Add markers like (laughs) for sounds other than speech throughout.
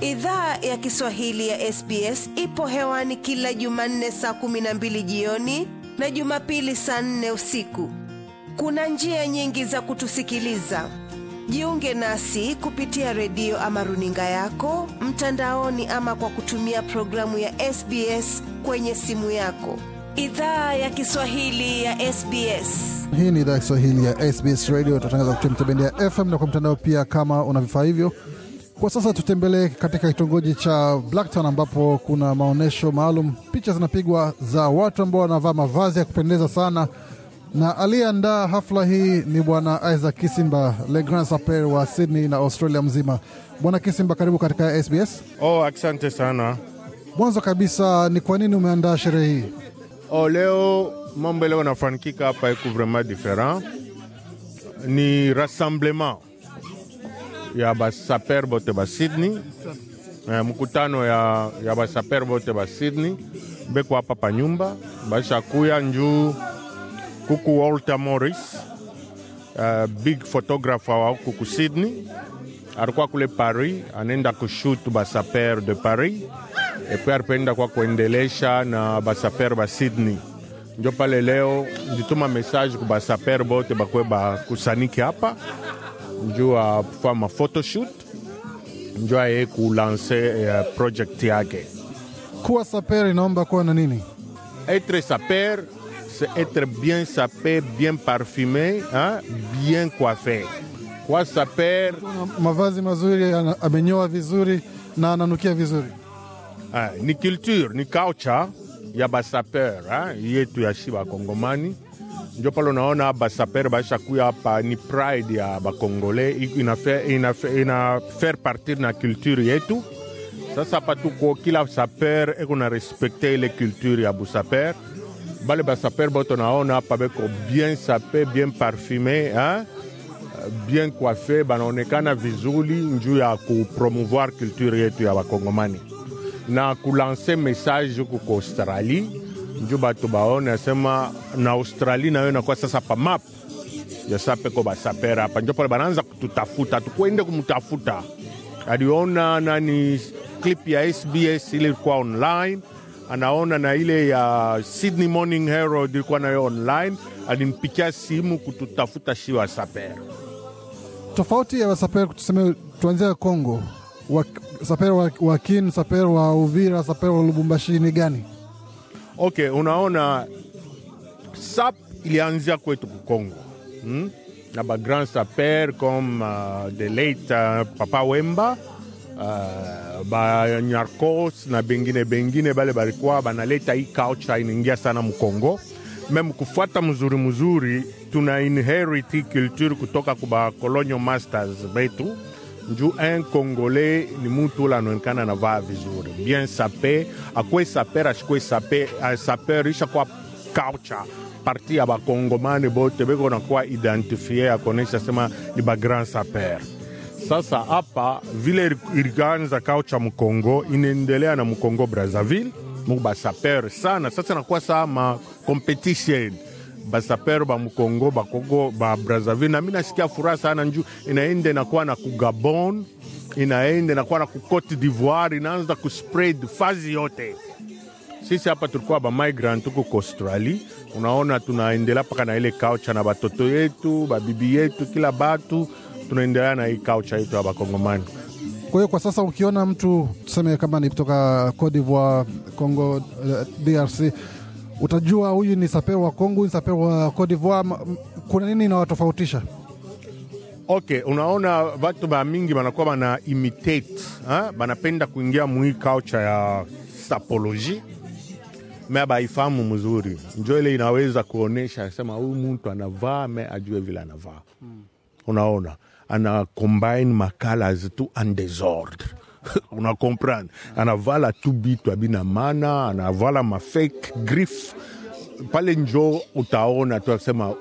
Idhaa ya Kiswahili ya SBS ipo hewani kila Jumanne saa kumi na mbili jioni na Jumapili saa nne usiku. Kuna njia nyingi za kutusikiliza. Jiunge nasi kupitia redio ama runinga yako mtandaoni, ama kwa kutumia programu ya SBS kwenye simu yako. Idhaa ya Kiswahili ya SBS. Hii ni idhaa ya Kiswahili ya SBS Radio, tutatangaza kupitia mitabendi ya FM na kwa mtandao pia, kama una vifaa hivyo kwa sasa tutembelee katika kitongoji cha Blacktown ambapo kuna maonyesho maalum, picha zinapigwa za watu ambao wanavaa mavazi ya kupendeza sana, na aliyeandaa hafla hii ni bwana Isaac Kisimba, le grand saper wa Sydney na Australia mzima. Bwana Kisimba, karibu katika SBS. Oh, asante sana. Mwanzo kabisa ni kwa nini umeandaa sherehe hii? Oh, leo mambo leo nafanikika hapa iko vraiment different, ni rassemblement ya basaper bote ba Sydney eh, mkutano ya, ya basaper bote ba Sydney beko apa pa nyumba bashakuya njuu kuku Walter Morris uh, big photographer wa kuku Sydney alikuwa kule Paris anaenda kushutu basaper de Paris epui eh, aripenda kwa kuendelesha na basaper ba Sydney njo pale leo ndituma message ku basaper bote bakwe bakusanike hapa njuu uh, afama photoshoot njuu uh, ye kulanse uh, project yake. Kuwa saper inaomba kuwa na nini? Etre saper c'est etre bien sapé, bien parfumé, hein, bien coiffé. Kuwa saper, mavazi mazuri, amenyoa vizuri na ananukia vizuri. Ah, ni culture, ni culture ya basaper yetu yashi bakongomani Kongomani ndio pale unaona basapere baishakuya pa ni pride ya bakongole inafaire ina, ina partir na kulture yetu. Sasa hapa tuko kila sapere eko na respekte ile kulture ya busapere. Bale basapere boto naona hapa beko bien sape bien parfumé, hein? bien coiffé, banaonekana vizuri njuu ya kupromouvoir kulture yetu ya bakongomani na kulanse message kuko Australie nju bato baone asema na Australie nayo inakuwa sasa pa pamap yasapeko basapera hapa, njo pale banaanza kututafuta, tukwende kumtafuta. Aliona nani clip ya SBS ile ilikuwa online, anaona na ile ya Sydney Morning Herald ilikuwa nayo online, alimpikia simu kututafuta shi wasapera. Tofauti ya wasapera, tuseme, tuanzia Kongo, wasapera wa Kin, sapera wa Uvira, sapera wa Lubumbashi ni gani? ok unaona SAP ilianzia kwetu kukongo hmm? na grand saper comme uh, the late uh, Papa Wemba uh, Nyarkos na bengine bengine bale balikuwa banaleta hii culture iningia sana mukongo meme kufuata mzuri mzuri, tuna inherit culture kutoka kuba colonial masters betu njuu un congolais ni mutu ula na vaa vizuri bien sape akwe saper ashikwe sape saper ishakuwa kaucha parti ya bakongomani bote beko nakuwa identifie akonesha sema ni grand saper sasa hapa vile ilianza kaucha mkongo inaendelea na mkongo Brazzaville mubasaper sana sasa nakuwa saa ma competition basapero bamukongo mukongo ba Brazzaville, na nasikia furaha sana njuu inaenda inakuwa na ku Gabon, inaenda inakuwa na ku Cote d'Ivoire, inaanza kuspread fazi yote. Sisi hapa tulikuwa ba migrant tuko ku Australia, unaona tunaendelea mpaka na ile kaucha na batoto yetu babibi yetu kila batu tunaendelea na hii kaucha yetu ya Bakongomani. Kwa hiyo kwa sasa ukiona mtu tuseme kama ni kutoka Cote d'Ivoire, Congo, eh, DRC utajua huyu ni saper wa Kongo, ni saperu wa Cote d'Ivoire. Kuna nini inawatofautisha? Okay, unaona watu ba mingi banakuwa bana imitate ha? banapenda kuingia mwi culture ya sapoloji me baifamu mzuri, njo ile inaweza kuonesha sema huyu mtu anavaa me ajue vile anavaa hmm. Unaona ana combine makala zitu en desordre (laughs) unakomprendre, anavala tu abina na mana, anavala mafake grif pale njo utaona tu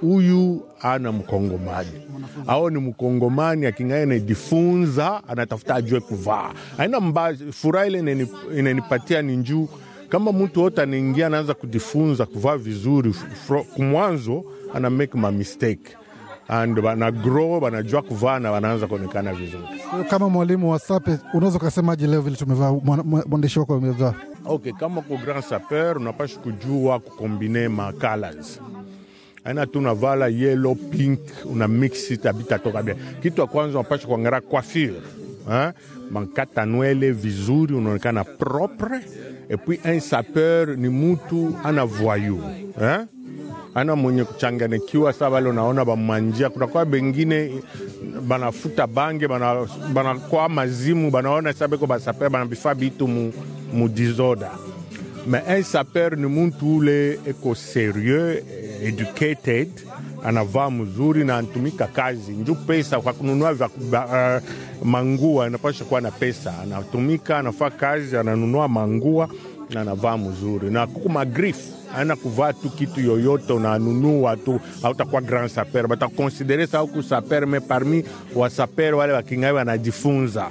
huyu ana Mkongomani au ni Mkongomani akingae naijifunza anatafuta ajue kuvaa aina mba furaha ile inanipatia ni njuu kama mtu wote anaingia anaanza kujifunza kuvaa vizuri kumwanzo ana make ma mistake and ah, grow wanajua kuvaa na wanaanza kuonekana vizuri. Eh, kama mwalimu wa Sape, unaweza ukasemaje leo vile tumevaa mwandishi wako amevaa? Okay, kama ko grand sapeur unapashi kujua kukombine ma colors aina tu unavala yellow pink, una mixi tabita toka bia. Kitu ya kwanza unapasha kuangalia coiffure hein? nwele vizuri, unaonekana propre. Et puis un sapeur ni mutu ana voyou hein? ana mwenye kuchanganikiwa saa vale unaona bamanjia, kunakuwa bengine banafuta bange bana mazimu banaona sabeko basaper banabifaa bitu mu, mu disorder ma un saper ni muntu ule eko serieux educated anavaa mzuri na antumika kazi nju pesa kwa kununua uh, mangua anapasha kuwa na pesa anatumika anafaa kazi ananunua mangua na anavaa mzuri na kuku magrifu ana kuvaa tu kitu yoyote unanunua tu, hautakuwa grand saper. Batakukonsidere sa uku saper me parmi wasaper wale wakingai wanajifunza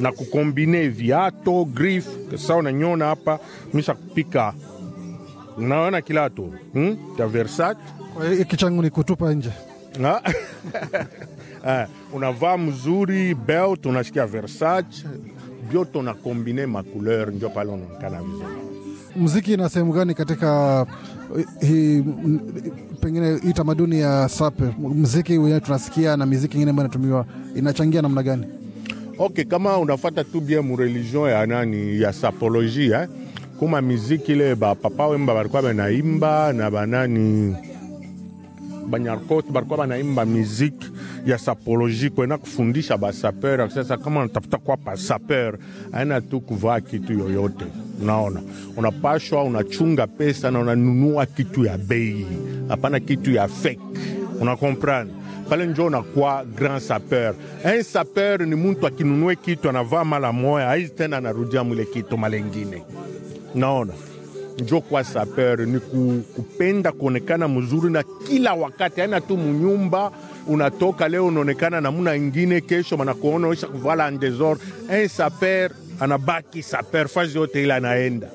na kukombine viato grif. Sa unanyona hapa misha kupika, unaona kilato hmm? ta Versace hiki changu ni kutupa nje (laughs) eh, unavaa mzuri belt, unashikia Versace, byote kombine makuleur, ndio pale unaonekana vizuri muziki ina sehemu gani katika eh, hii pengine hii tamaduni ya Sape? Muziki wenyewe tunasikia na muziki ingine ambayo inatumiwa inachangia namna gani? Ok, kama unafata tu bien mureligion ya nani ya sapoloji eh? kuma miziki ile bapapa wemba balikuwa banaimba na banani banyarkot balikuwa banaimba miziki ya sapolojia kwenda kufundisha basapeur. Sasa kama unatafuta kwa pasapeur, aina tu kuvaa kitu yoyote, unaona, unapashwa unachunga pesa na unanunua kitu ya bei, hapana kitu ya fake, unakomprana pale njo unakuwa grand sapeur. Un sapeur ni muntu akinunue kitu anavaa mala moya, aizi tena anarudia mwile kitu malengine. Naona njo kwa sapeur ni kupenda kuonekana mzuri na kila wakati, aina tu munyumba unatoka leo unaonekana namna ingine, kesho manakuonaisha kuvala ndesor Un saper anabaki saper fazi yote ile anaenda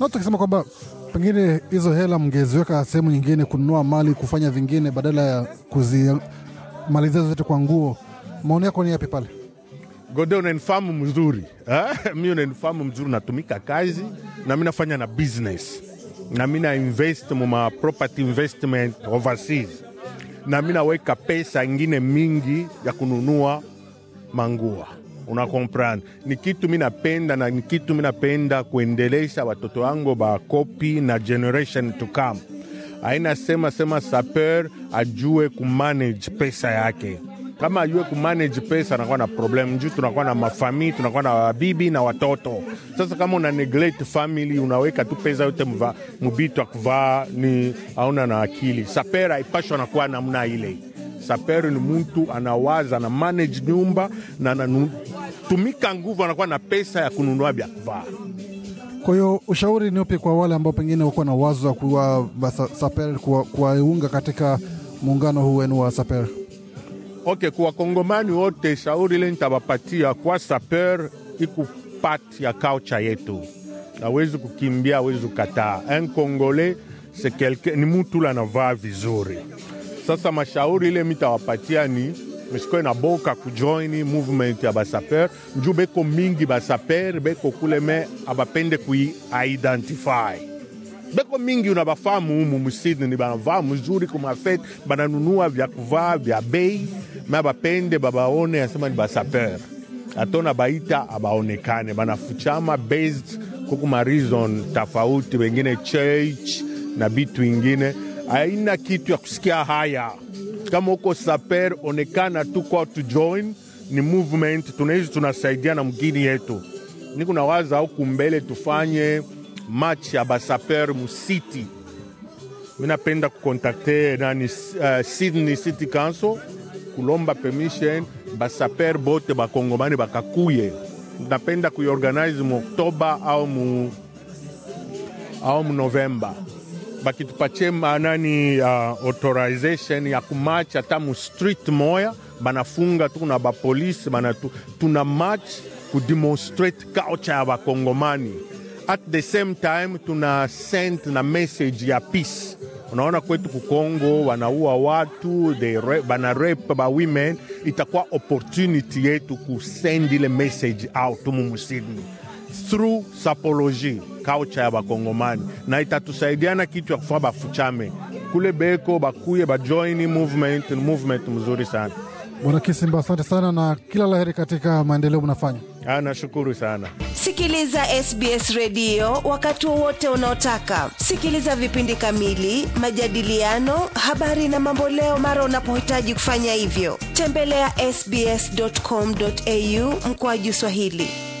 na tukisema kwamba pengine hizo hela mngeziweka sehemu nyingine, kununua mali, kufanya vingine, badala ya kuzimalizia zote kwa nguo. Maoni yako ni yapi pale? Gode, unanifahamu mzuri (laughs) mi unanifahamu mzuri, natumika kazi na mi nafanya na business na mi na invest muma property investment overseas na mi naweka pesa ingine mingi ya kununua mangua. comprendre, ni kitu mi napenda na ni kitu mi napenda kuendelesha watoto wangu bakopi na generation to come. Aina sema sema saper ajue kumanage pesa yake kama ajue kumanage pesa, anakuwa na problem juu tunakuwa na mafamili, tunakuwa na wabibi na watoto. Sasa kama una neglect family, unaweka tu pesa yote mva akuvaa, ni aona na akili. Sapera aipashwa nakuwa namna ile. saper ni mtu anawaza na manage nyumba na anatumika nguvu, anakuwa na pesa ya kununua vya kuvaa. Kwa hiyo ushauri ni upi kwa wale ambao pengine wako na wazo wa kuwa saper kuwaunga katika muungano huu wenu wa saper ok kwa kongomani wote shauri ile nitawapatia kwa saper ikupart ya kaucha yetu, awezi kukimbia, awezi kukataa. Un kongole se kelke ni mutu la navaa vizuri. Sasa mashauri ile mitawapatia ni mishikoe na boka kujoini movement ya basaper, njuu beko mingi basaper beko kule me abapende kuiidentify beko mingi unabafamu humu ni banavaa mzuri kumafet bananunua vya kuvaa vya bei ma bapende babaone asema ni basaper atona baita abaonekane banafuchama based kukuma reason tofauti wengine church na bitu ingine aina kitu ya kusikia haya kama uko saper onekana tu kwa to join ni movement tunaizi tunasaidia na mgini yetu nikunawaza huku mbele tufanye match ya basaper musiti. Minapenda kukontakte nani, uh, Sydney City Council kulomba permission basaper bote bakongomani bakakuye. Napenda kuiorganize mu Oktoba au mu, au mu Novemba bakitupache nani uh, authorization ya kumatch hata mu street moya banafunga tu na bapolisi, tuna match kudemonstrate culture ya bakongomani at the same time tuna send na message ya peace. Unaona kwetu kukongo wanaua watu bana rape ba women, itakuwa opportunity yetu send ile message out mumusini through sapology kaucha ya bakongomani, na itatusaidiana kitu ya kufa bafuchame kule beko bakuye bajoini movement. Movement mzuri sana Bwana Kisimba, asante sana na kila laheri katika maendeleo mnafanya. Ah, nashukuru sana. Sikiliza SBS redio wakati wowote unaotaka. Sikiliza vipindi kamili, majadiliano, habari na mamboleo mara unapohitaji kufanya hivyo. Tembelea ya sbs.com.au mkoaju Swahili.